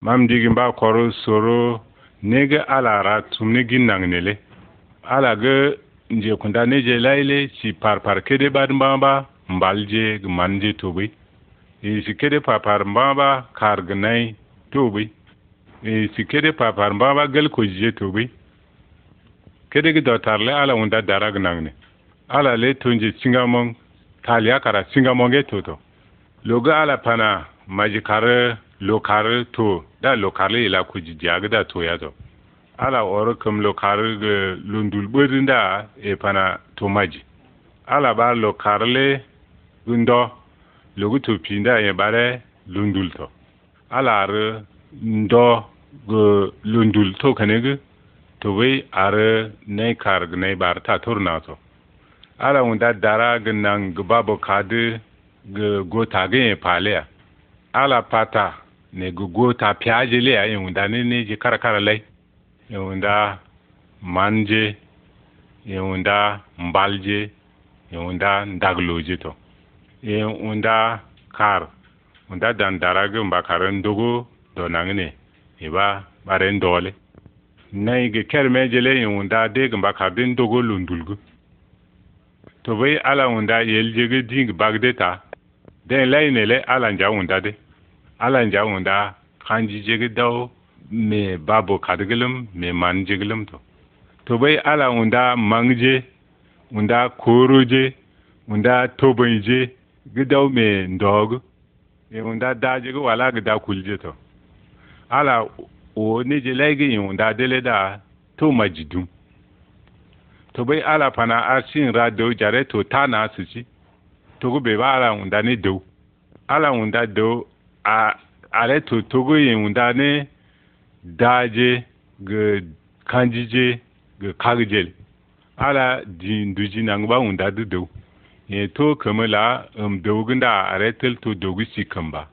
mam digi ba koru soro nege alara tumni nele ala ge nje kunda neje laile si par kede bad mbamba mbalje gmanje tobi e si kede par mbamba kar gnai tobi e si kede par mbamba gel ko je tobi kede gi le ala unda darag nangne ala le tunje singamong talia kara singamong e toto loga ala pana majikare lokar to da lokare ila ku jijiya da to ya to ala oro kam lokar ga eh, lundul bodin da e pana to maji ala ba lokare le gundo logu to pinda e bare lundul to ala ar ndo ga eh, lundul to kane ga to bai ar ne kar ga ne bar ta na to ala wanda dara ga nan ga babu kadi ga gota ga e palea ala pata ne ta piaje le ayi wunda ne ne je karakara lai e wunda manje e wunda mbalje e wunda ndagloje to e wunda kar wunda dan darage mba karan dogo do nangne iba ba baren dole na ige kerme je le e wunda de mba kardin dogo lundulgu to bai ala wunda yelje ge ding bagdeta den lai ne ala nja wunda de ala njawun da hanji dau me babu kadgilim me man jigilim to to bai ala unda mangje unda koruje unda tobanje gidau me ndog e unda daje go wala gida kulje to ala o ne je laigi yin unda dele da to majidu to bai ala pana asin rado jare to tana su ci to go be ba ala unda ne do ala unda do are to togo yewunda ne daje ge kanjije ge kagjel ala din na nangba wunda dudu ye to kama la um dogunda are tel to dogu si kamba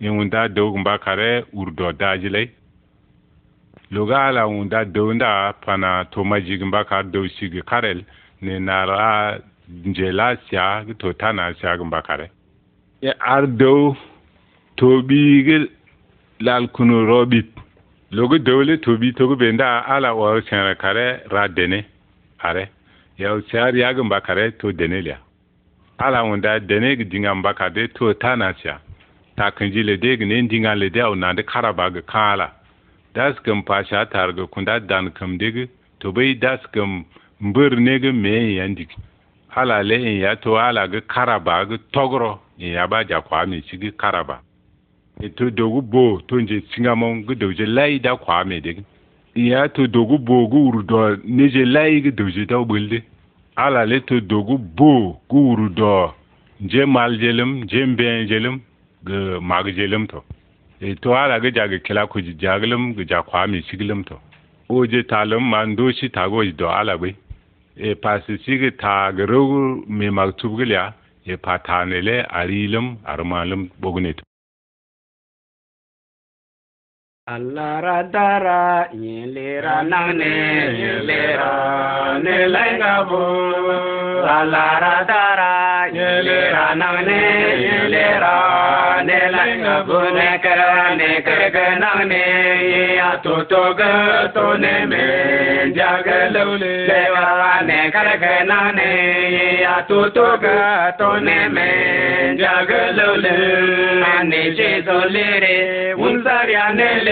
yewunda dogumba kare urdo daje lai loga ala wunda dogunda pana to majigumba kar do si ge karel ne nara njela siya to tana siya gumba kare ye ar tobiigel lal kunu robit logo dole tobi togo benda ala wa chenra kare ra dene are ya uchar ya gamba kare to dene lia ala wanda dene dinga mbaka de to tanasya ta kanji le ne gne dinga le de au nande karaba ga kala das gam pasha targa kunda dan kam de to bai das gam mbir ne ga me yandik ala le ya to ala ga karaba ga togro ya ba ja kwa mi chigi karaba to dogu bo to nje singamon gu doje lai da kwa me de ya to dogu bo gu urudo neje lai gu doje da bulde ala le to dogu bo gu urudo nje mal jelum nje mbe jelum gu mag jelum to e to ala gu jage kila ku jaglum gu ja kwa me siglum to oje talum man do shi tago do ala gwe e pasi sigi ta garo me maktub gilya e patanele arilum armalum bognito Allara dara yelera nangne yelera nelenga bo Allara dara yelera nangne yelera nelenga bo nekara nekarga nangne ya to to ga to ne me jagalule leva nekarga nangne ya to to ga to ne me jagalule ane je zolere unzarya nele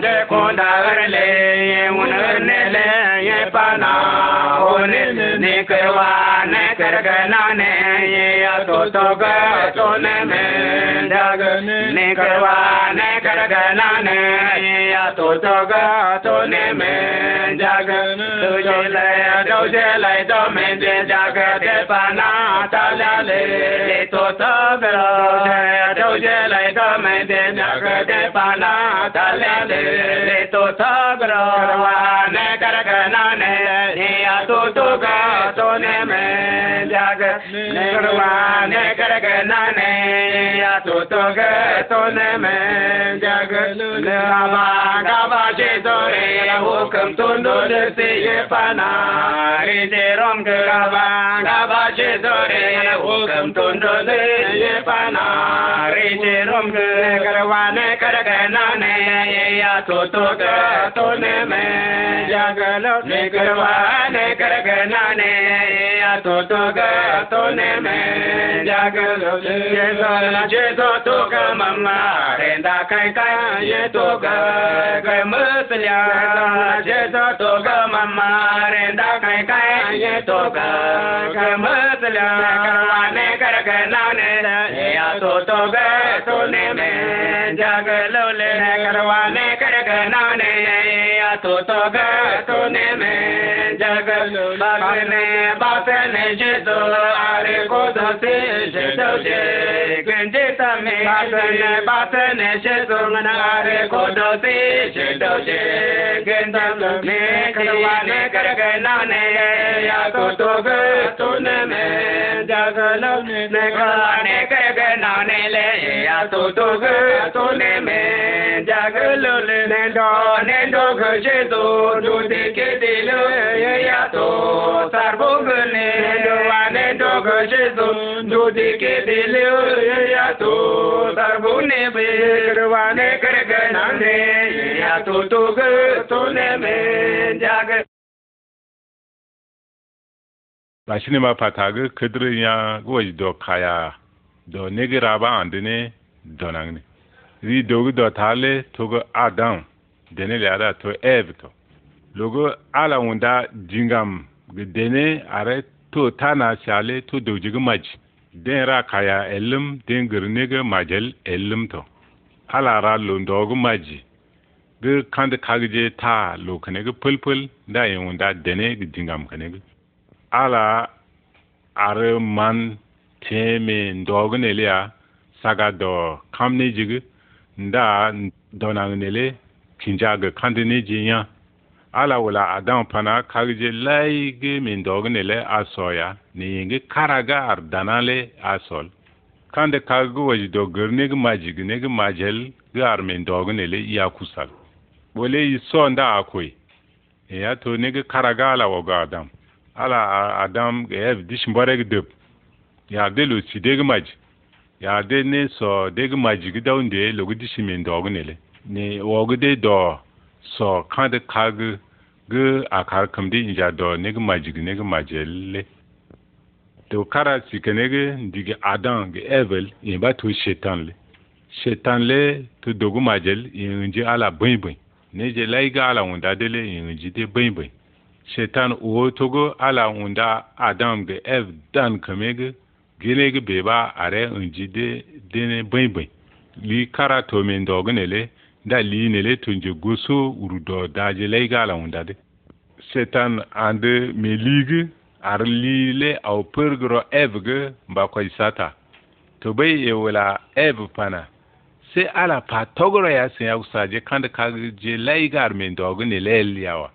de kundagarle munarnele ye pana kewa ne. गगनाने तो तो ये तो तो गतोन में जग निकरवाने गगनाने ये तो तो गतोन में जग तुझे लय तुझे लय तो में जे जग दे पाना ये तो तो गतोन तुझे लय तो में जे जग दे पाना ये तो तो गतोन गगनाने ये तो तो गोने में ag negrwa negregenane ya to to ge to ne me jag ne aba ga ba je do re ya hukam to no de se ye pana re de rom ge ga ba ga ba je do re ya hukam to no de ye pana re de rom ge negrwa negregenane ya to to ge to ne me jag ne negrwa negregenane ya to to ge tone me jagalo jeso la to ka mama renda kai kai ye to ka kai musliya la jeso to ka mama renda kai kai ye to ka kai musliya karwane kar ne, ya to to ga tone me jagalo le karwane kar ne, ya to to ga tone me Bafene bafene jeto are kodo se jeto je. Kende tame bafene bafene jeto ngana are kodo se jeto je. Kende ne karwa ne kargana ne ya to to ge to ne me jagalo ne karwa ne kargana le ya to to me yato sarbubune duwane dogo jesu dudike dile yato sarbune be duwane karganande yato togo tone me jaga ba shi ma fataga kadirin ya do kaya do negi raba andine donangni ri dogi do tale togo adam denele ada to evto logo ala wunda dingam dene are to tana shale to dojigi maj den ra kaya elim den girnege majel elim to ala ra londogu maji gi kandi kagje ta lo kanege pulpul da yin wunda dene gi kanege ala are man teme ndogu nelia saga do kamne jigi nda donanele kinja gi kandi ne jinya ala wala adam pana karje laige min dogne le asoya ni yingi karaga ar danale asol kande kargu waji dogirne gi majigne gi majel gi min dogne le iya kusal bole yi sonda ya to ne karaga ala waga adam ala adam ev dish mbare deb ya de lo si de gi ya de ne so de gi daunde lo dish min dogne le ne wogi de do so kãd kag g a kar kam di ya do neg majig neg majelle tɩ b kara sika neg n dig adam g evel yẽ ba tɩ shetan le shetan le tɩ dog majel yẽng ji ala bõe bõe ne je la yiga ala wẽndaade le yẽng ji de bõe bõe shetan oo tog ala wẽnda adam g ev dan kemeg geneg be ba are n ji de dene bõe bõe li kara tome n daoog ne le nda liine le je goso dɔ urudo daje le igala unda de setan ande me ligue ar liile au pergro evge mba koy sata to bai e wala ev pana se ala pa togro ya se ya usaje kande kagje le igar men dogu ne le yawa.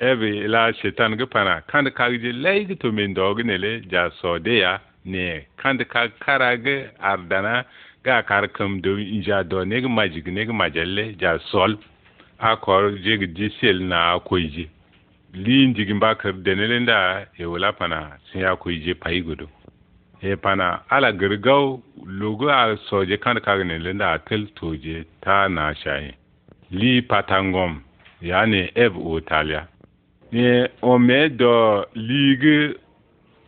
ev la setan ge pana kande kagje le ig to men dogu ne le ja so de ya ne kande kag karage ardana ga karkam do ja do neg majig neg majalle ja sol a akor jeg jisel na akoije lin jigin bakar denele da e wala pana sin ya koije gudu e pana ala girgau logo a soje kan kagne lenda atel toje ta na shay li patangom yani ev otalia ne o me do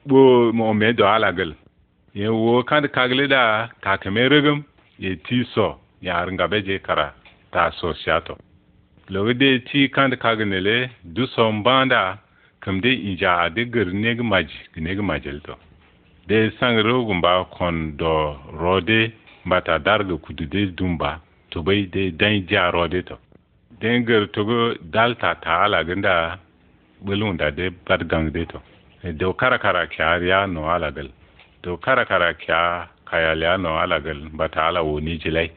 bo mo me do ala gal ye wo da kaglida kakeme regem ye ti so ya ngabe je kara t'a lori logde ti kandi kagnele du mbanda kam de inja de gir neg maj neg to de ba kon do rode mbata kudu de dumba tobai de dan ja rode to den gir togo dalta taala genda bulunda de gang de to de kara kara kyar ya no ala gal to kara kara kya kayale ala alagal bata ala woni jilai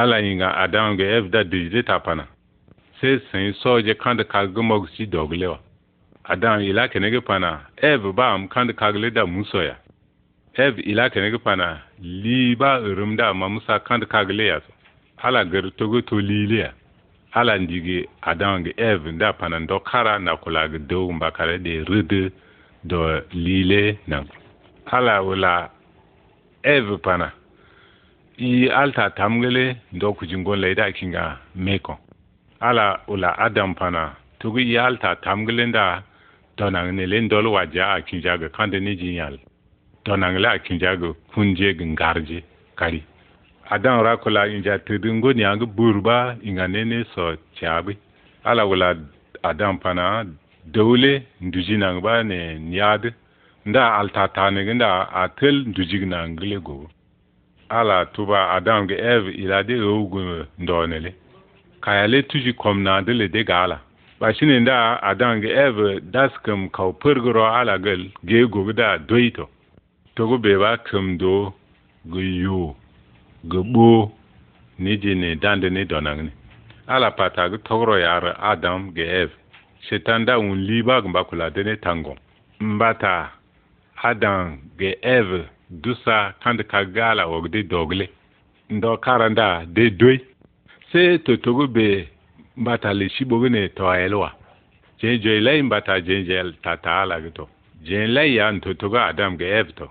ala yinga adam ge evda dijide tapana se je soje kanda kagumog si doglewa adam ila kenege pana ev bam kanda kagle da ya. ev ila kenege pana liba rumda mamusa kanda kagle ya ala gar togo to ya. ala ndigi adam ge ev nda pana ndokara na kulaga do mbakare de rede do lile na ala wula eve pana i alta tamgele ndo kujingon la ida kinga meko ala wula adam pana tugu i alta tamgele nda donangne le ndol waja a kinjaga kande ni jinyal donangle a kinjaga kunje gngarje kari adam rakola inja tidingo ni ang burba inga nene so chabi ala wula adam pana dole ndujinang ba ne nyade nda alta tanigi nda a tel ndujig na ngile go ala tuba adam ge ev ila de ogu ndonele kayale tuji kom na dele de gala ba shine nda adam ge ev daskum kau ala gel ge go da doito togo be ba kum do ge yu ge bo ni je ne dande ne donangne ala pata ge togro yar adam ge ev shetan da un liba gumba kula de ne tango mbata Adam ge Eve dusa kandi ka gala og de dogle. Ndo karanda de dwe. Se totogo be mbata le shibogo ne toa elwa. Jen jo ilay mbata jen jel tata ala gito. Jen lay ya ntotogo Adam ge Eve to.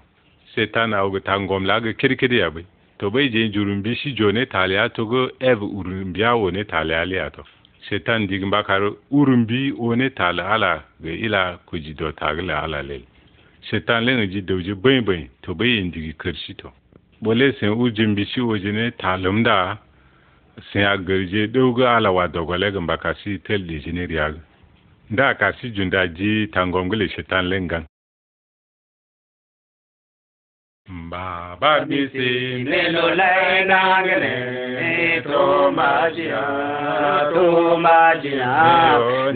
Se tana og tangom lage kirikiri ya bay. To bay jen jurumbi shi jo ne talia togo Eve urumbiya wo ne talia liya to. Setan digmbakar urumbi bi one talia ala ge ila kujido tagla ala lele. shetan daji bai bai to bai yin digi karshi to bole sen u jimbi shi waje ne da sen a garje dauga alawa dogole gan baka si tel riyal da ka si junda ji tangongule shetan lengan Baba mi lai gele to majiya to majiya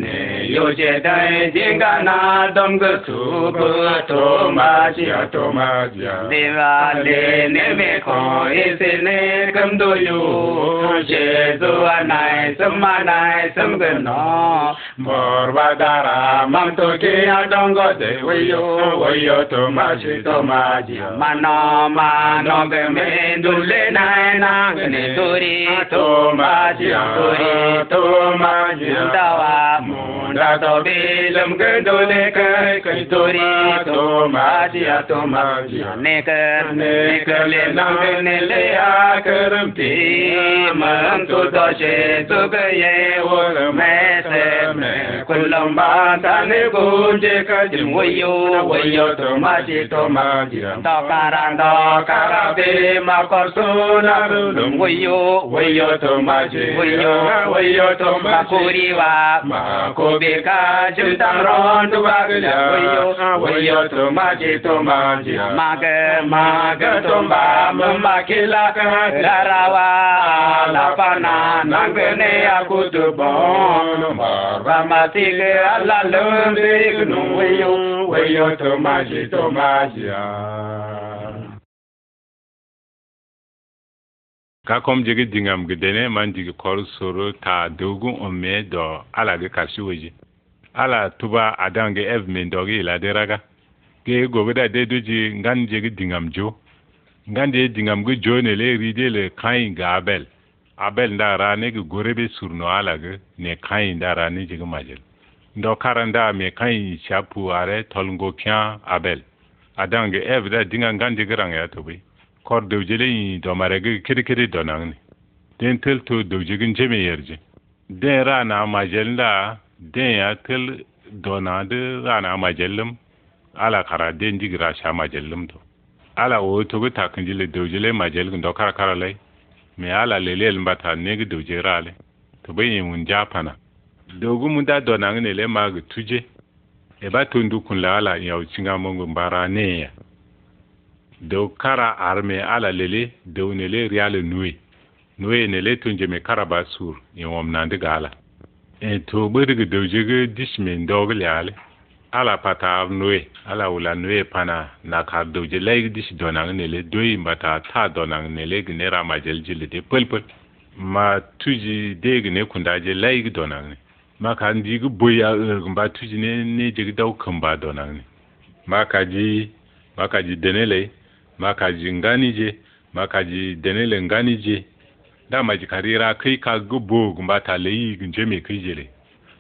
ne yoche dai jinga na dom ge su bu to ma ji a to ma ji a ne me ko e se ne yu je zo a nai sam ma nai sam ge no mor a dong go de we yo to ma ji to ma ji a ma no ma na ge ne to ma ji to ma ji Rado bilam gadole kai kai tori to ma diya to ma diya ne kar ne ke le nam ne le a karam ti man to da she to ga ye wo me se me kullum ba ta ne go je ka jin wo yo wo yo to ma di to ma diya ta karan da kara be ma kor so na dum wo yo wo yo to ma je wo yo wo yo to ma kuri wa ma ko bi. ji ka jim tam ron tu ba gu la wayo wayo tu ma ji tu ma ji ma ga ma ga tu ba ma ma ki la ka la ra wa la pa na na gu ne ya ku tu bo ba ma ti le la lu bi nu wayo wayo tu ma ji tu ma ji kakom jigi dingam gi dene man jigi kor soro ta dogun ome do ala ge kasi weji ala tuba adan gi ev men do la ila de ge ge da de duji ngan jigi dingam jo ngan de dingam ge jo ne le ride le kain ga abel abel nda ra ne gore gorebe surno ala ge ne kain nda ra ne jigi majel ndo karanda me kain chapu are tolngo kya abel adan gi ev da dinga ngan jigi rang ya tobi kor dewjele yĩ kiri kede-kede donangni den tel to dewjegin jeme yerje den rana majella den ya tel donade rana majellem ala kara den digira sha majellem do. ala o togo takinjile dewjele majelgin do kara kara lay me ala lelel mbata negi dewje rale to yi mun wun japana dewgu mu da donangni le maagi tuje Eba ba tondu kun la ala yao cingamongo mbara neya dew kara arme ala lele dew nele riale nuwe nuwe nele tunjeme karaba sur in wom nandi gala en to bërgi dew jege dismin dog liale ala pata nuwe ala wula nuwe pana nakar dew je lay dis donang le doyi mbata ta donang nele gne rama jel jili de pel pel ma tuji degi ne kunda je lay donang ne maka ndi gi boya er, ba tuji ne ne jege daw kamba donang ne maka ji maka ji denele makaji je makaji denele je da maji karira kai ka gubo gumba ta layi gunje me kai jele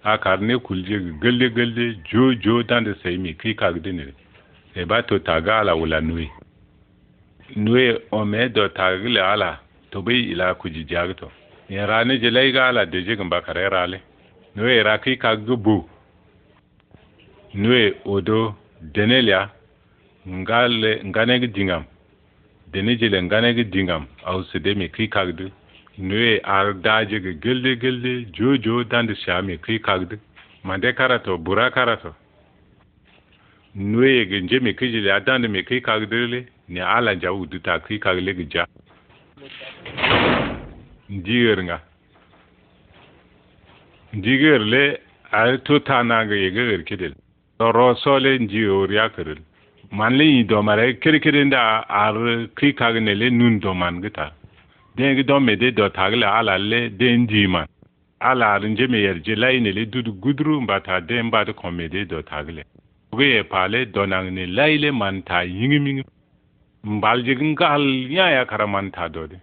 a karne kulje gelle gelle jo jo dan da sai me kai ka dinere e ba to taga ala wala nui nui o me do tagile ala to bai ila ji jagto in e rane je lai ga ala de je gumba karira le nui ra kai ka gubo nui odo denelia ngale ngane ki dingam deni jile ngane ki dingam au se de mi kri kagdu ar daje ge gilde gilde jo jo dande sha mi mande karato bura karato nwe ge nje mi kri jile adande le ni ala ja wudu ta kri kagle ge ja ndiger nga ndiger le ar to tanaga ye ge ger kedel ro so le ndiyor ya kedel man le yi domare kirkirin da ar krikag ne le nun doman gita den gi dom me de do tagle ala le den di man ala arinje me yerje lai ne le dudu gudru mbata den ba de komede do tagle ge ye pale donang ne lai le man ta yingi mingi mbal gin gal nya ya kara man ta do de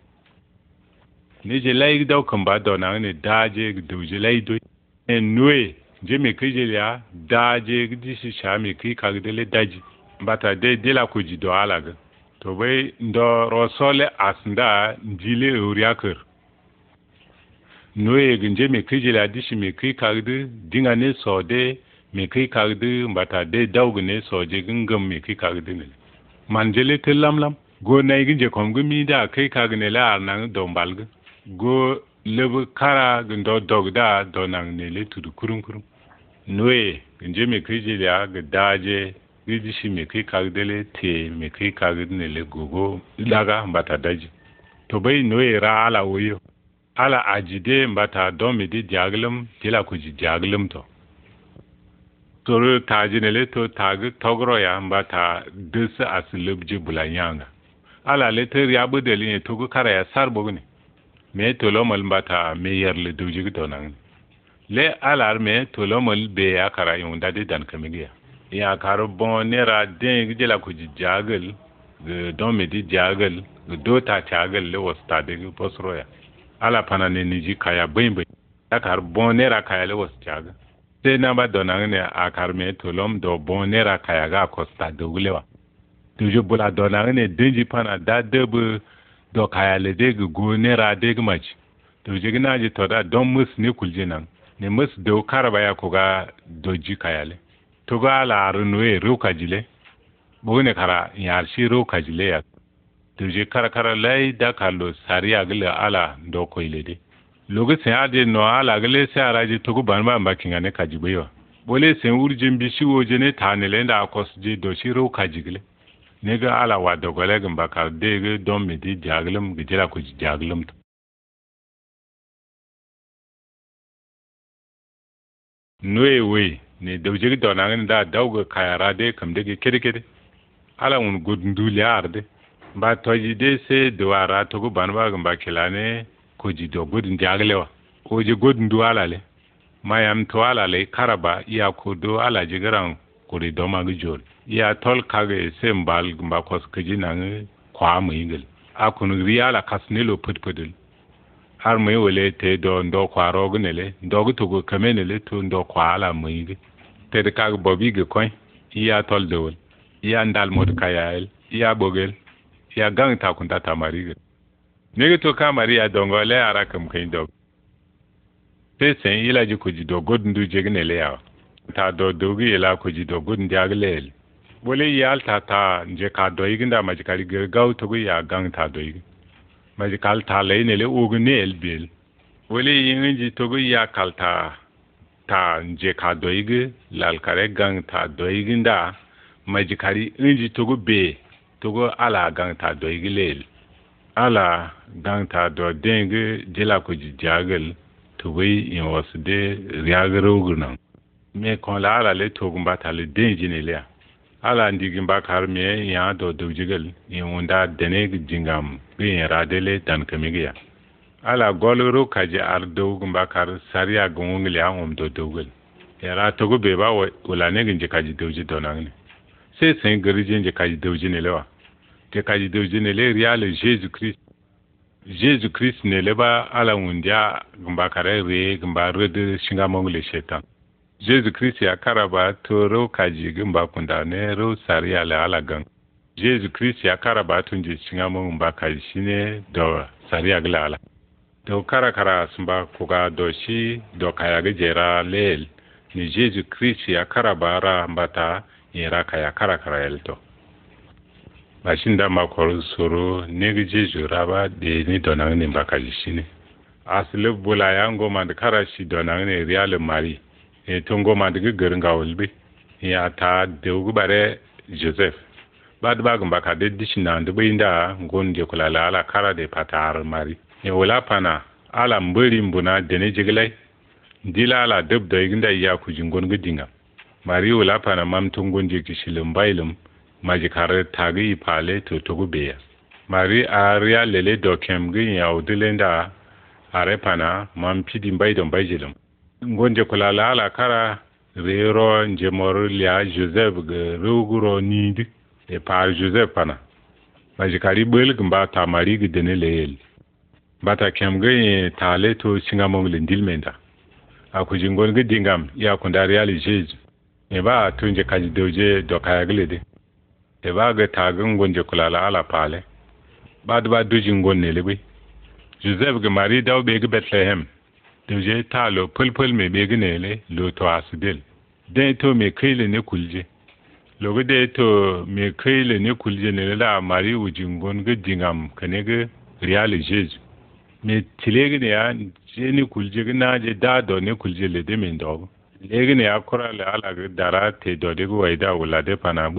ne je lai gi daw kamba donang ne daje gi duje lai do en nue je me kije ya daje gi disi sha me krikag de le daji bata de la ku ji ala ga to bai ndo rosole asnda ndile no ye ginje me la dishi me kai kagdu dinga ne so de me kai kagdu bata de dawgu ne so je gingam me kai kagdu ne manjele te lamlam go ne ginje komgu mi da kai kagne la na do mbalgu go lebu kara dog da do nan ne le tudu kurum kurum ye ginje me kijila ga daje ridishi me kai ka dele te me kai kag nele gogo daga mbata daji to bai noye ra ala oyo ala ajide mbata don mi di jaglum tila ku ji jaglum to ta tajinele to tag togro ya mbata desa asilubji bulanyanga ala leter ya budeli ne ku kara ya sarbo ne me mal mbata me yerle duji to nan le ala me tolomal be ya kara yunda di dan kamigiya ya karu bon nera dẽeg jela ku ji jaagl don me di jagal g do ta jagal le de tade posro ya. ala pana ne ni ji kaya bõe ya karu bon nera kaya le was caaga se namba donang ne a karu me tolom do bon nera kaya ga a de ta to le wa tojo bula donang ne ji pana da bu do kaya le de g go nera de g maci tojo ji to da don mus ne kulje nan. ne mus do karaba ya koga do ji kaya le tuga la nuwe ru kajile bugune kara yarshi ru kajile ya tuje karakara lai da kallo sari agle ala ndo koile de logo sen ade no ala agle se araje tugu banba mbakinga ne kajibe yo bole sen urjin bishi woje ne tanele nda kosje do shi ru kajigle ne ga ala wa dogole gamba kar de ga don mi di jaglum gijira ku jaglum noe wei ne da dawnangni da dauga kayara de kamdege kede kede ala wun god nduli arde mba toji de se dowara togo banbaga mba kilane da do wa. ko ji gudun ndu alale mayam to alale karaba iya ko do ala jigaran kuri do magi jori iya tol kage se mbal mba kos kaji nang kwa mu ingel akunu riya la kasnelo putpudul har mu wele te do ndo kwaro gne le ndo gu tugu kamenele le tu ndo kwala mu yi te de kag bobi ge koy iya tol de wol iya ndal mod kayael iya bogel iya gang ta kun ta tamari ge ne ge to ka maria dongo dongole ara kam kay do te sen ila ji ku ji do god ndu je gne le ya ta do do gi ila ku ji do god ndia gle le wole yal ta ta nje ka do yi ginda ma ji ge gau tugu ya gang ta do yi mari kalta lay ne le ogu ne el bil wele yin ji um togo ya kalta ta nje ka doigi lal gang ta doigi e da maji kari inji um togo be togo ala gang ta doigi e lel ala gang ta do dengi jela ko ji jagal togo yin e wasu de riagaro gunan me kon la ala le togo mbata um le denji ne le ya ala ndigin ba kar ya do do jigal in wunda dene jingam gin radele tan kamigya ala goluru kaje ar do gin kar sariya gungun ya an um do gul era to go be ba wala ne gin kaji doji donang ne sai sai garijin jinji kaji ji ne lewa te kaji ji ne le real jesus christ jesus christ ne le ba ala wundia gin kare re gin ba rede shinga mongule shetan jesus Christ ya karaba toro kaji gimba da ne ro sari ala ala gan. jesus Christ ya karaba tun je cinga mun ba kaji shine da sari agla ala. Do kara kara sumba kuga do shi do kaya gejera leel. Ni Jésus Christ ya karaba ra mbata yera kaya kara kara Ba Bashin da kwaru soro ne ga Jésus raba de ni donan ne ba kaji shine. Asile bula da kara shi donan ne riyalin mari. e tongo mandigi geri nga wulbi ya ta dewgu bare joseph bad bagum baka de dishi nandi bu inda ngondi kulala ala kara de patar mari e wala pana ala mburi mbuna dene jigilai dila ala dab da iginda ya ku jingon gidinga mari wala pana mam tongon je kishilum bailum majikare tagi ipale to togu beya mari aria lele dokem gi ya udilenda are pana mam pidi mbai don baijilum ngonje kulala ala kara rero njemor lia joseph ge ruguro nindi e par joseph pana baji kari bel gamba tamari ge dene leel bata kemge tale to singamong lindilmenda akuji ngon ge dingam ya kunda reali jesu e ba tunje kaji doje dokaya glede e ba ge tagin ngonje kulala ala pale ba ba duji ngon ne lebi. joseph ge mari daw be ge bethlehem da je ta lo pulpul me begine le lo to asidil de to me kile ne kulje lo ga de to me kile ne kulje ne la mari ujingon ga dingam kane ga real jesu me ga ne ya je ne kulje ga na je da do ne kulje le de min do ga ne ya kora le ala ga dara te do de ge waida wala de pana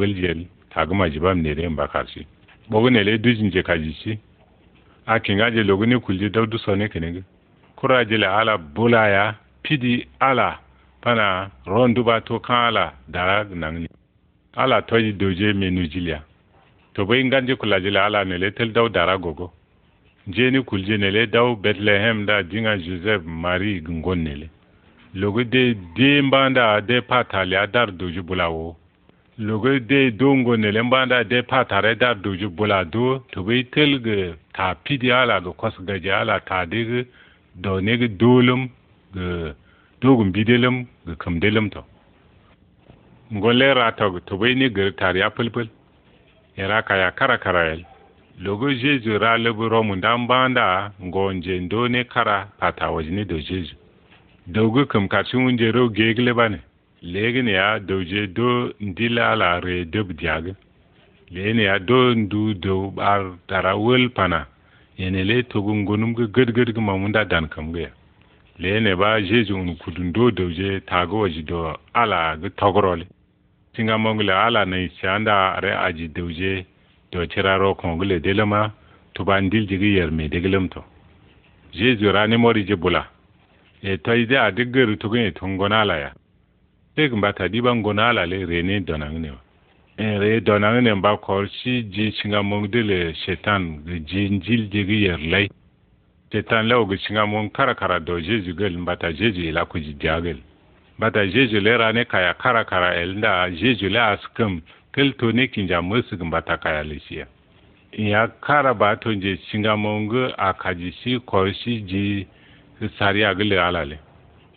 ta ga majibam ne re bo ga ne le dujin je kajisi kinga je ga ne kulje da du ne kane ga kurajile ala bulaya pidi ala pana ronduba to kan ala dara nangni ala toji doje menu jilia to bai nganji kulajile ala nele tel daw dara gogo jeni kulje nele daw bethlehem da dinga joseph marie gungon nele logo de dembanda de patali adar doju bulawo logo de dongo nele mbanda de patare dar doju bulado to bai telge ta pidi ala go kosgaje ala ta dege da ne ga dolum ga dogun bidelum ga kamdelum to ngole rata to bai ne ga tar ya fulful era ka ya kara kara yel logo jesu ra lebu romu dan banda ngonje ndo ne kara pata wajini do jesu dogu kam kacin wunje ro gegle bane legin ya je do ndila la re dub diaga legin ya do ndu do bar tarawel pana yene le togum gonum ge ged ged ge mamunda dan kam ge le ne ba je un kudun do do je go ji do ala ge togrol singa mongle ala ne chanda re aji do je do chiraro kongle delama to bandil ji ge me de gelem to je ra ne mori je bula e to ide adigger to ge tongona ala ya te ba ta ban gona ala le rene donang ne wa re donane ne ba kor si ji singa mong de le shetan ji jil ji gi yer lai shetan la ogi singa mong kara kara do jeju gel mbata jeju la ku ji jagel mbata jeju le rane kaya kara kara el nda jeju le askem kel to ne kinja musu mbata kaya le sia ya kara ba to je singa mong a kaji si kor si ji sari ala alale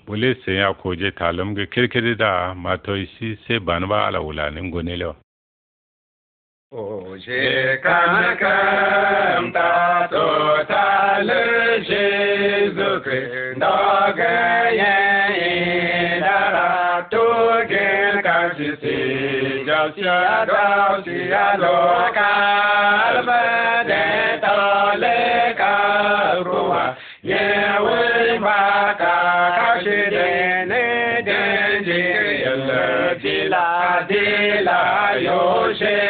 wale sai ya koje talam ga kirkiri da to sai se banwa ala wulanin gonelewa Oje kankanta totalin Jesu Kristo ganyen dara togin kanshi si jasiya dausiya loka albade tole karuwa yewe baka kashi dene denji yalla dila dila yoshe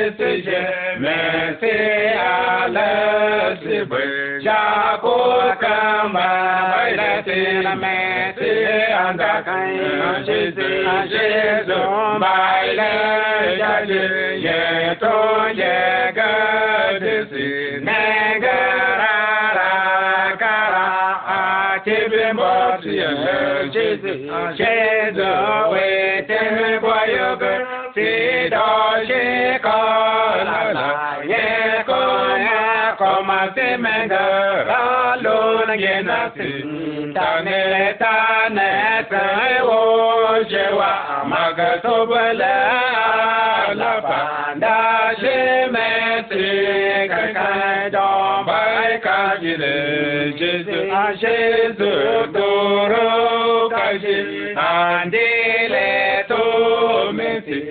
je me fais à la cible. J'avoue que ma baïdati la messe en dakin. Jésus, Jésus, baïle, j'allais, j'ai ton yéga d'ici. Négara, cara, a tibim botia, Jésus, Jésus, oui, t'es boyoga, c'est dans j'ai corps. genasi tane tane tayo jewa magatobala la panda jemesi kakado bai kajire jesu a jesu doro kaji andile to mesi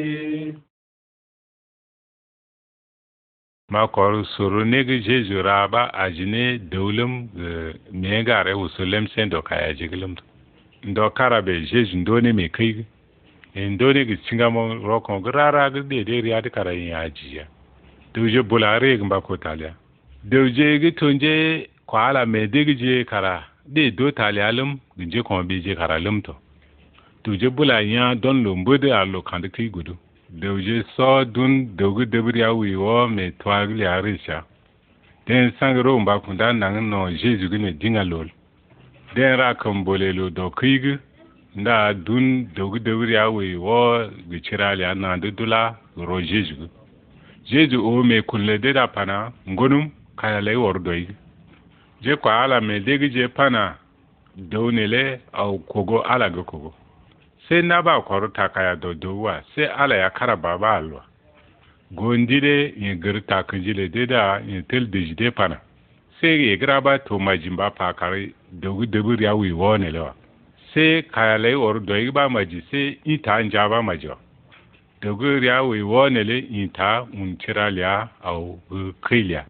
ma soro negi jesu raba ajine dewlem miengare usulem sen do kaya jigilem ndo karabe jesu ndone me kai ndone gi cingamo rokon grara gi de de riadi kara yin ajiya dewje bulare gi ko talia dewje gi tonje kwala me degi je kara de do talia lum gi je kon bi je kara lum to dewje bula nya don lo mbode alo kandi ki gudu dewje so dun dewge debri awi wo me twagli arisha den sangro mba kunda nang no jesu gine dinga lol den ra kan bolelo do kig nda dun dewge debri awi wo gichirali ana dudula ro jesu jesu o me kunle de da pana ngonum kala le wordo yi je kwa ala me degi je pana dewnele au kogo ala go kogo sai na ba kwaru takaya dodowa sai ala ya kara ba alwa gondire in gir takajile de da in tel de jide pana sai ya gira ba to majin ba pakari dogu debur ya wi wone lewa sai kayalai or doyi ba maji sai ita an ja ba maji wa dogu ya wi wone le ta un a au kriya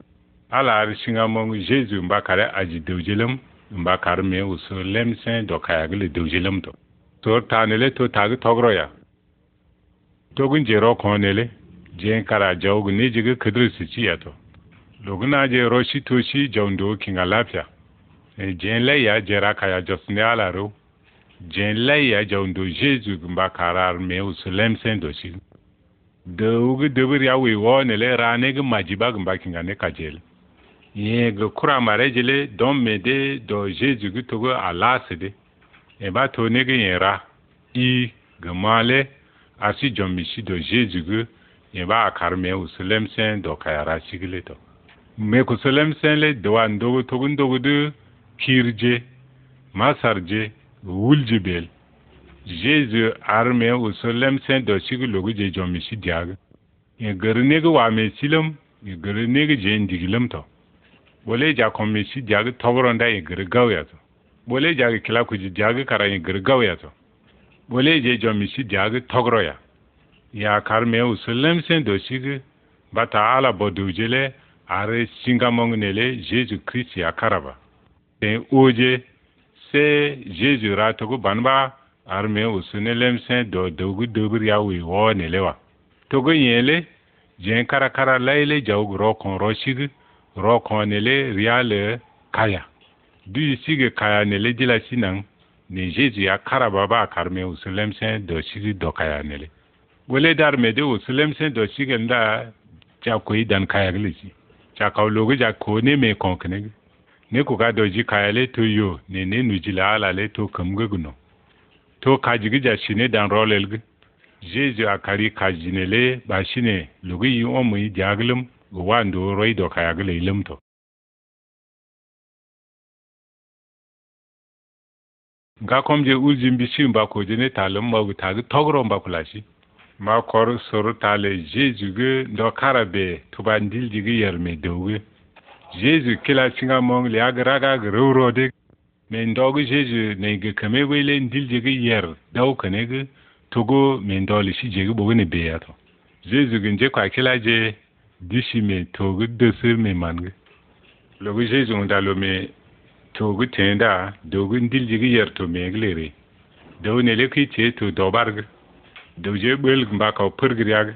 ala arishinga mongu jesu mbakare aji dewjelem mbakare me usu lemsen do kayagile dewjelem to tor ta nele to tagi togro ya togun jero ko nele jen kara jawgu ne jiga kadir su ci ya to loguna je roshi to shi jawndo kinga lafiya e jen lai ya jera kaya josne ala ro jen lai ya jawndo jesu gumba karar me usulem sen do shi da ugu dubur ya wi wo nele rane ga majiba gumba kinga ne kajel ye ga kura mare jile don me de do jesu gu togo ala se eba to nege yera i gemale asi jombishi do jejigu yeba akarme usulem sen do kayara sigile to me kusulem sen le dowa ndogu togu ndogu du kirje masarje wulje bel jeju arme usulem sen do sigu logu je jombishi diagu ye e nege wa me silam ye e nege je ndigilam to bole ja komi si diagu toboronda ye gare gawya to bole jagi kila kuji jagi karani girgaw ya to bole je jomi si jagi togro ya ya karme usulem sen do sigi bata ala bodujele are singamong nele jesu kristi ya karaba ten oje se jesu ra togo banba arme usunelem sen do dogu dobir ya wi wo nele wa togo yele jen kara kara laile jawg rokon rosigi rokon nele riale kaya du sigi kaya ne le si nan ne jeji ya karaba ba karme usulemsen do sigi do kaya ne le wele dar me de usulemsen do sigi nda ja koi dan kaya glisi ja ka logo ja ko ne me kon kne ne ko ka do ji kaya le to yo ne ne nu jila ala le to kam gno to ka jigi ja ne dan rolel gi jeji a kari ka le ba shine logo yi omu yi jaglum go wando roi do kaya gle ilim to nga kom je uljim bi sim ba ko je ne talum ma gu tagi togro ba kulashi ma kor sor tale jeju ge ndo karabe to ban dil ji ge yer me jeju kila singa mong le agra ga gro de me ndo ge jeju ne ge kame we le dil ji ge yer dau kane ge togo me ndo le shi je ge bo ne be ya to jeju ge je kwa kila je dishi me to ge de sir me man ge lo ge jeju ndalo me togu tenda dogu dilji gi yer to meglere do ne le ki che to dobarg do je bel gba ka pergriag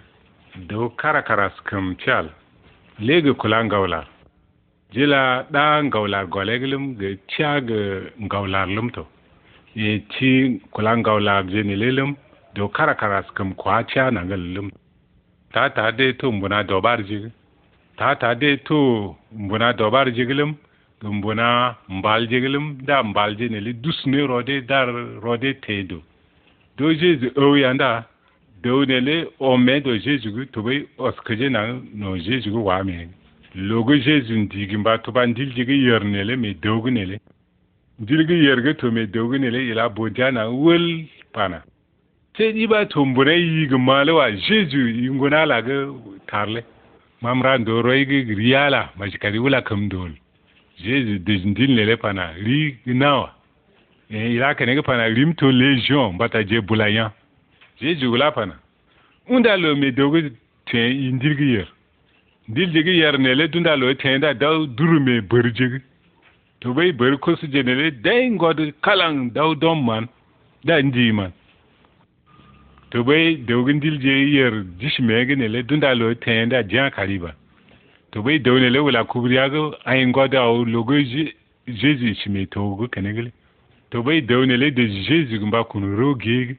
do karakaras kum chal lege kulangawla jila da ngawlar goleglum ge chag ge ngawlar lum to e chi kulangawlar je ne lelum do karakaras kam kwa cha na galum ta ta de to mbuna dobar jig ta ta de to mbuna dobar jiglum bona mbaljegelum da mbalje neli dusne rode dar rode tedo do jesu o yanda do le o me do jesu gu to bai oskaje na no jesu gu wa me logo jesu ndigi mba to ban diljigi yernele me dogu nele dilgi yerge to me dogu nele ila bodjana wel pana te ni ba tombona yi ga wa jesu ingona la ga tarle mamra ndoro yi riyala majikari wula kam dole jeje dejindin lele pana li ginawa e, ila kene ke pana lim to lesion bata je bulaya jeje gula pana undalo lo me dogo te indirgi yer dil jige yer nele dunda lo da da duru me berje to bay kos je nele dai ngod kalang da dom man da ndi man to bay dogo dil yer dis me dundalo nele dunda da jan kaliba da wani le wala ya ga ayin gwada a logo jeji chime to go kenegle to da wani le da jeji gumba kunu roge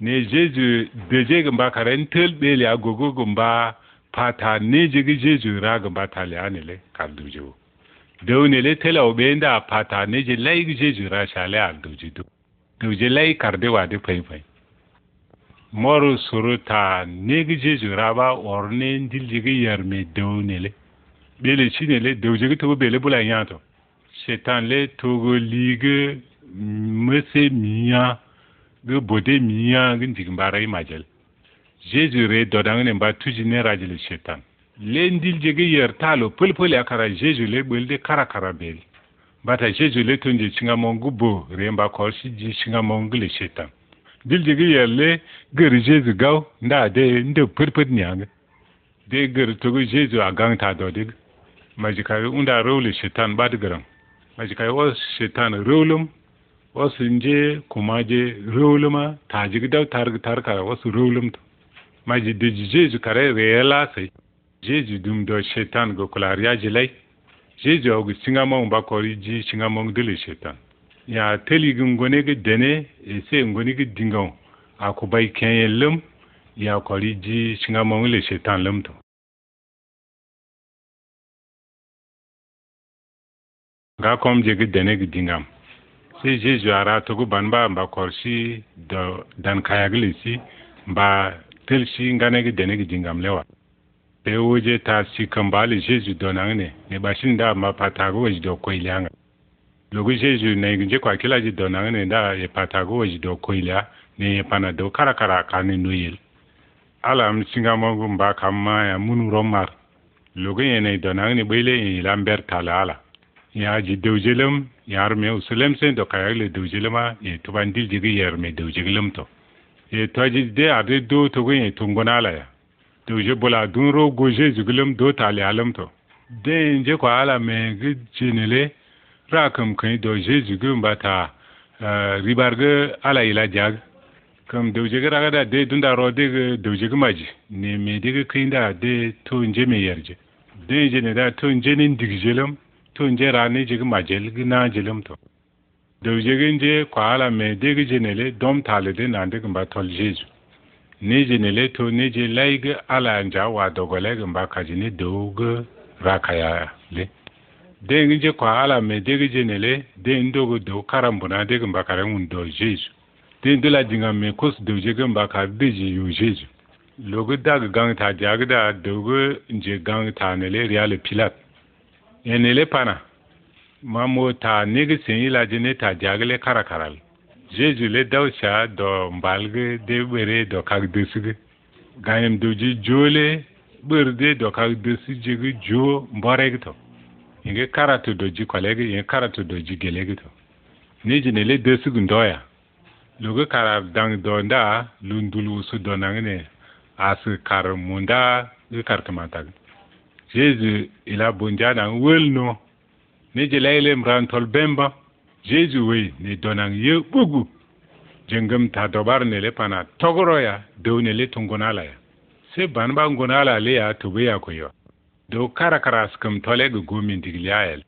ne jeji da je gumba tel be a agogo gumba pata ne je ge jeji ra gumba tale anele kaldujo dawne le tela o be nda pata ne je lai jeji ra shale aldujo dawje lai de wa de fai fai. moru suruta negi jeju raba orne ndiljigi yarme dewnele bele chinele dewjigi togo bele bula nyato setan le togo ligi mese miya gi bode miya gi ndigi mbara i majel jeju re ne mba tuji ne rajili setan le ndiljigi yer talo pulpule akara jeju le gbelde karakara bele bata jeju le tonje chingamongu bo re mba korsi ji chingamongu le setan dilji gi yelle gir jesu gaw nda de nde pirpir nyang de gir tugu jesu a gang ta do dig majika unda rowli shetan bad garam majika o shetan rowlum o sinje kuma je rowluma ta jig daw tar tar kara o su rowlum maji de jesu kare reela sai jesu dum do shetan go kular ya jilai jesu ogu singa mong bakori ji singa mong dile shetan ya teli gi ngone gi dene ese ngone a dingon akubai kenye lem ya kori ji shinga mongi le shetan lem to ga kom je gi dene gi dingam se je juara to gu ba ba korshi do dan kaya gi lisi ba tel shi ngane gi dene gi dingam lewa pe waje ta si kambali jesu donang ne ne bashin da ma patago wajdo ko ilanga lokushe ju na je kwa kila ji do ne da ye patago go ji do ila ne ya pana do kara ka no ala am singa mo go mba ka ma ya munu ro mar lokushe ne do ne bele ila mber tala ala ya ji do jelem ya me usulem sen do kaya le do jelema ye to bandil ji ge arme me do jelem to ye to ji de ade do to go ye tungona ala ya do je bola dun ro go je do tale alam to de je kwa ala me ge chinele rakum kẽ do zeezi gom bata eh, ga ala yila jag kam dewjege da de dunda ro de dewjege maji ne me de kenda de to nje me yerje de je ne da to nje nin digjelem to nje ne je majel na jelem to dewjege nje kwa ala me de je ne le dom tale de na de gamba tol jesu ne je ne le to ne je laig ala nja wa dogole gamba kaji ne ra ka ya le degi je kwa ala me degi je nele den dogo do karambuna degi mbakare ngun do jesu den dola dinga me kos do je gamba ka deji yo jesu logo dag gang ta jag da dogo nje gang ta nele riale pilat enele pana mamo ta negi sen ila je ne ta jagle karakaral jesu le dawsha do mbalge de bere do kag desuge gayem doji jole berde do kag desu jege jo mbaregto inge karatu doji kwalegi inge karatu doji gelegi to ni jine le desigu ndoya lugu kara dang donda lundulu usu donangene asu kar munda lu kar kamatag jesu ila bunja nang welno ni jile ile mrantol bemba jesu we ni donang ye bugu jengem ta dobar ne le pana togoro ya dew ne le tungunala ya se banba ngunala le ya tubu ya koyo do kara-kara karakaras kum tolegu gumi ndigliael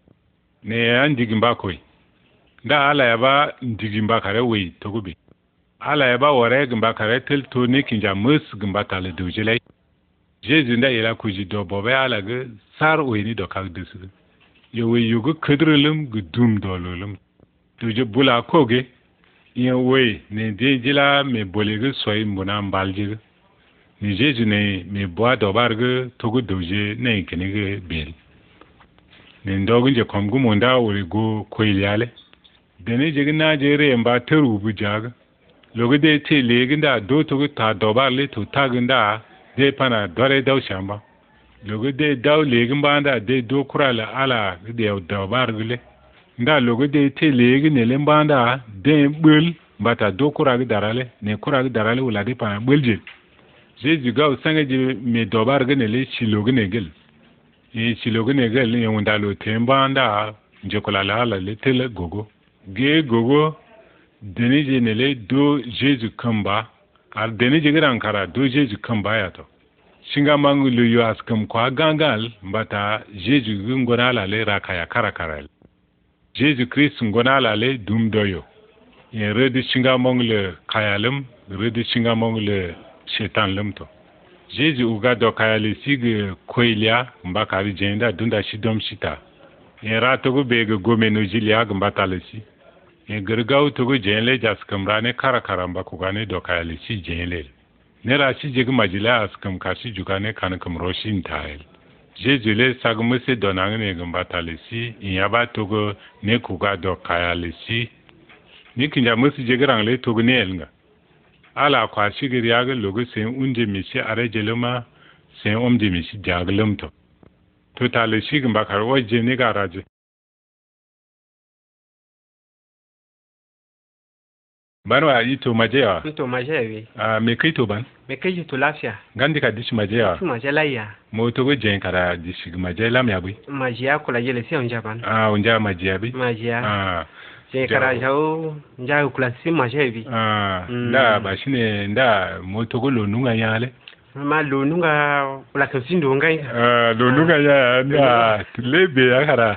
ne ya ndigimba koi da ala ya ba ndigi kare wei togubi ala ya ba wore gimba mbakare tel to ne kinja mus mbatale do jele jesu nda ila kuji do bobe ala ge sar ni do kak desu yo wei yugo kedrelum ge dum to duje bula koge ye wei ne de jila me bolege soyi mbuna mbaljige nije ne mi bwa dobar ge togu doje na ikini ge bel nin dogun je komgu monda wuri go koyale dene je na je re mba teru bu jag logu de te leginda do togu ta dobar le to taginda de pana dore daw shamba logu de daw mba nda de do kurala ala de dobar gule nda logu de te legin ne le mba nda de bul bata do kuragi darale ne kuragi darale wala de pana bulje jeju ga usanga ji me dobar gane le chilo gane gil e chilo gane gel ye wanda lo temba anda njokola la la le tele gogo ge gogo deni je ne le do jeju kamba ar deni je gran kara do jeju kamba ya to shinga mangu lu yu as kam kwa gangal mbata jeju ngona la le rakaya kara kara jeju christ ngona la le dum doyo ye redi shinga mangu le kayalum redi shinga mangu le shetan lumto jeji uga dokayali sigi koilya mba kari jenda dunda shidom shita en ra togu bege gomenu jilya gmba talisi en girgau togu jenle jaskamrane kara kara mba kugane dokayali shi jenle ne ra shi jigi majila askam kashi jugane kam roshin tail jeji le sagmuse donangne gmba talisi in yaba togu ne kuga dokayali shi ni kinja musu jigi rangle togu ne elnga ala kwa sigir yaga logo sen unje misi are jeluma sen omje misi jaglum to to tale sigin bakar wa jeni garaje ban wa yi to majewa to majewa a me kai to ban me kai to lafiya gandi ka dishi wa. to maje ya mo to go jen kara dishi majela mi abi ya kula jele si onja ban ah onja majia bi ya. ah shekara jau jau klasi ma shebi nda ba shine nda motogo lo nunga yale ma lo nunga la kasindo ngai lo nunga ya nda lebe ya kara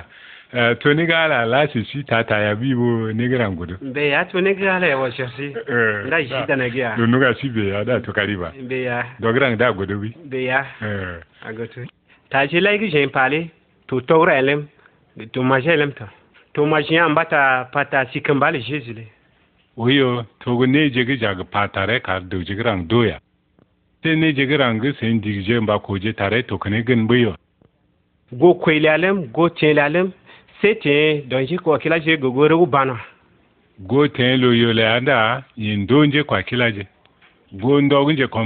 eh to ni gala la shi ta tata ya bibo ni gran gudu be ya to ni gala ya wa si uh, da shi da na giya to nuga si be ya da to kariba be ya do gran da gudu bi be ya eh agotu ta shi like shi shen pale to to elem to ma elem ta tomashinya ambata pata sikambale jezule oyo togo ne jegi jag patare ka do jigrang doya te ne jigrang ge sen digje mba koje tare to tokne gen buyo go kweilalem go te sete donje ko kila je gogoro go bana go te lo le anda yin nje kwa kila je go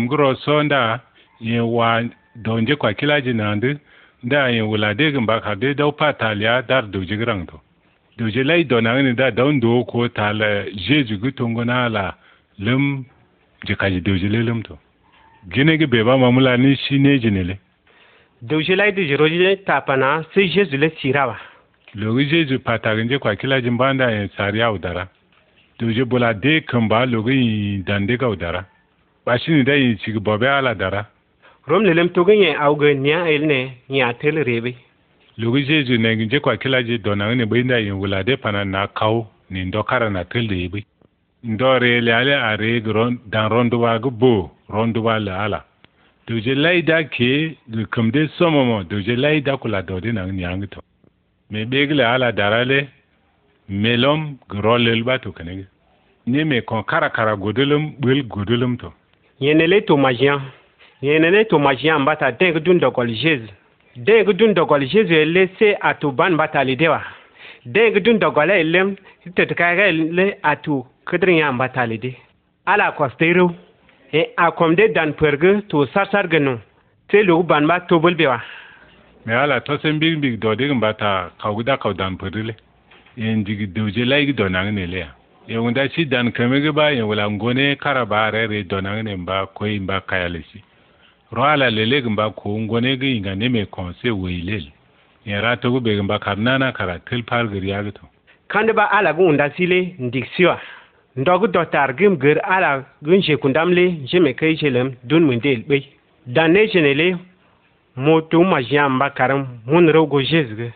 gro so nda yin wa donje kwa kila je nandu nda yin de gen ba ka de dau pataliya dar do rang do doje lai donangni da don do ko tala je jugu tungu na la lum je kaji doje le lum to gine ge beba mamula ni shi ne jine le doje lai doje roje tapana se jesu le sirawa logi jesu patarin je kwa kila jimbanda en sariya udara doje bola de kamba logi dande ga udara bashini da yi chigi bobe ala dara rom lelem togin yen auge nya elne nya tel bi. lugu jeju ne je kwa kila je dona ne bai da yin wulade pana na kau ni ndo kara na tel de bi ndo re le ale are gron dan rondo wa go bo rondo wa le ala do je laida ke le kumde somo mo do je laida kula do de na ni ang to me begle ala darale melom grolel ba to kene ne me kon kara kara godulum bul godulum to yenele to majian yenele to majian bata denk dun dokol jesu deg dun dogol jesu ele se atu ban batali dewa deg dun dogol ele tet kare ele atu kudrin ya batali de ala kostero e de dan perge tu sarsar genu te lu ban ba tobul bewa me ala to sen big big do dig bata kawda kaw dan perle en dig doje lai do nang ne le e wanda shi dan kemege ba e wala ngone karabare re do nang ne ba koyi ba kayalisi rwala ala ba ko gone gi yĩnga ne me kõose weelel yẽ go begum ba kab nana kara tel pargr yagto kãndba ala gũunda sile n dik siwa n dog dɔtar gem ger ala gẽn zekundam le zeme kai. zelem dũn wẽndeel bey dãn ne zene le motu ma zãam ba ro go zezge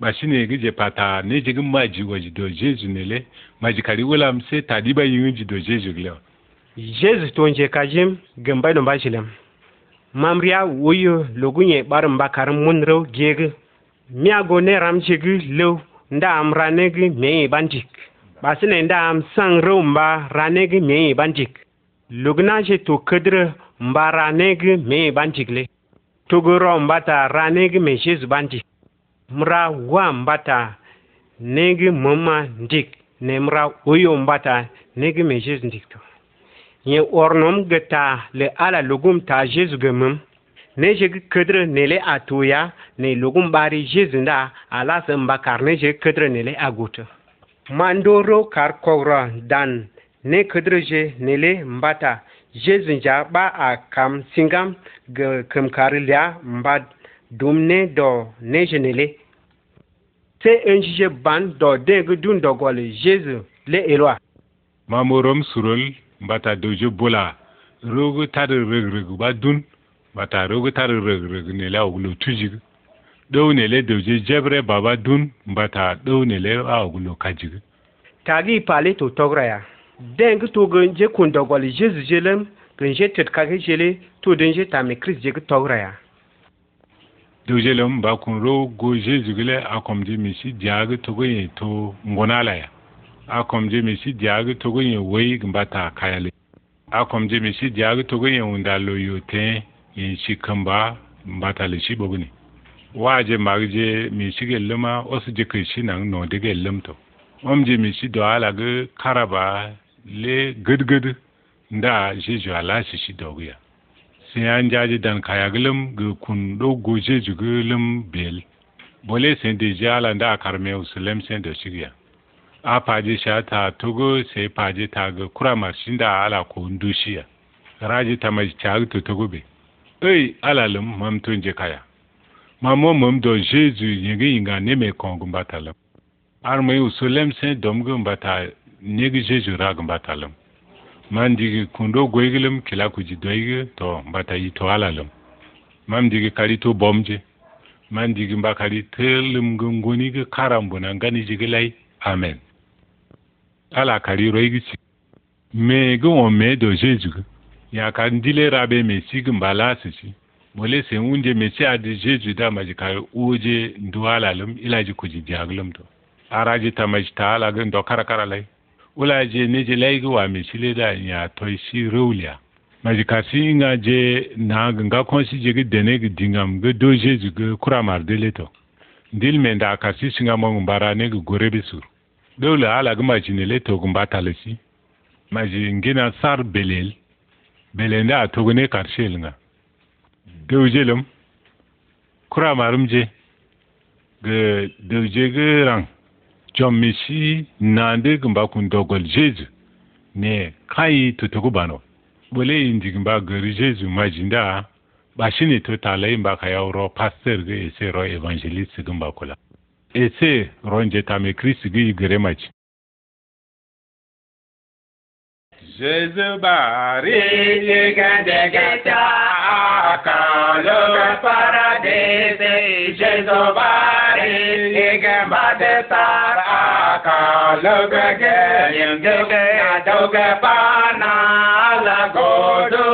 ba shine gi je pata ne je gin maji waji do jesu ne le maji kari wala mse tadiba yin ji do jesu glo jesu to nje kajim gamba no ba chelem mamria wuyo logunye barin bakar munro gege miago ne ramchigi lo nda am ranegi mei banjik ne nda am sang ro mba ranegi mei banjik lugna je to kedre mba ranegi mei banjik le togoro mbata ranegi me jesu banjik mra wa mbata negi mama ndik ne mra uyo mbata negi me jesu ndik to ye ornom geta le ala lugum ta Jesu gemum ne je kedre nele atuya ne lugum bari Jesu nda ala samba bakar ne je kedre nele aguta mandoro kar kogra dan ne kedre je nele mbata Jesu nja ba a kam singam ge kemkarilya mbad dumne do ne ne je nele te enjije ban dɔ deng dun dogole Jesu le elwa mamorom surul mbata dojo bola rogo tari reg reg ba dun bata rogo tari reg reg nele awulo tujig dow nele dojo jebre baba dun bata mbata dow nele awulo kajig tagi pale to tograya deng to gonje kundogol jesu jelem gonje tetkage jele to denje tame kris jeg tograya dojelem ba kun rogo go jesu gile akomdi misi diag to goye to ngonala ya akom je mesi diagi togo yen wei gba ta kayale akom je mesi diagi togo yen wunda lo yote yen shi kamba ta le shi bogni waje magi je mesi ge lema osu je ke shi nang no de ge to om je mesi do ala ge karaba le gud nda je jo ala shi do doguya sai an jaji dan kaya glem ge kun do je ju glem bel bole sen de jala nda karme usulem sen do ya a paji sha ta togo sai paji ta ga kura mashin da ala ko ndushiya raji ta mai chag to togo be ei ala mam tun je kaya mamo mam do jesu yingi inga ne me kon batala ar mai usulem se dom gumba ne gi jesu ra gumba talam man digi kundo goigilum kila ji doigi to mbata yi to ala lum mam digi kali to bomje man digi mbakari telum gungoni ga karambuna ngani jigilai amen ala kariro igichi me gunwo me do jeju ya ka ndile rabe me sigi mbala sisi mole se unje me se adi jeju da maji ka uje nduala lum ilaji kuji diaglum to araji ta ala gan do karakara lai ula je ne je lai wa me sile da ya toy si rewlia maji ka si inga je na ganga konsi je gi dene gi dingam gi do jeju gi kuramar dele to ndil me nda ka si singa mo mbara ne gi gorebe suru dole ala jini le togun ba si ma jingina sar belel belende a togune karshel nga dewjelum kura marum je ge dewje ge ran. jom mishi nande gmba kun dogol jeju ne kai tutugu bano bole indi gmba gari jeju majinda ba shine to talai ba ka yauro pastor ge ese ro evangelist gmba kula ese ronje tame kristi gi igere machi Jesu bari ligande gata akalo paradise Jesu bari ligande tar akalo gege yenge adoge pana ala godu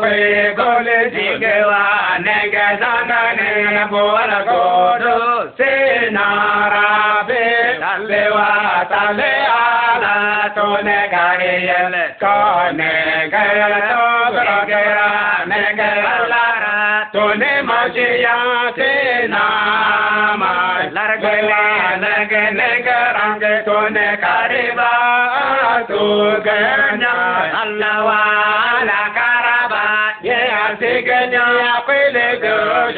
akwai gole jigewa na ga zaganin buwar na rabe talewa tale ala to majiya te na ma largale lage ne garange to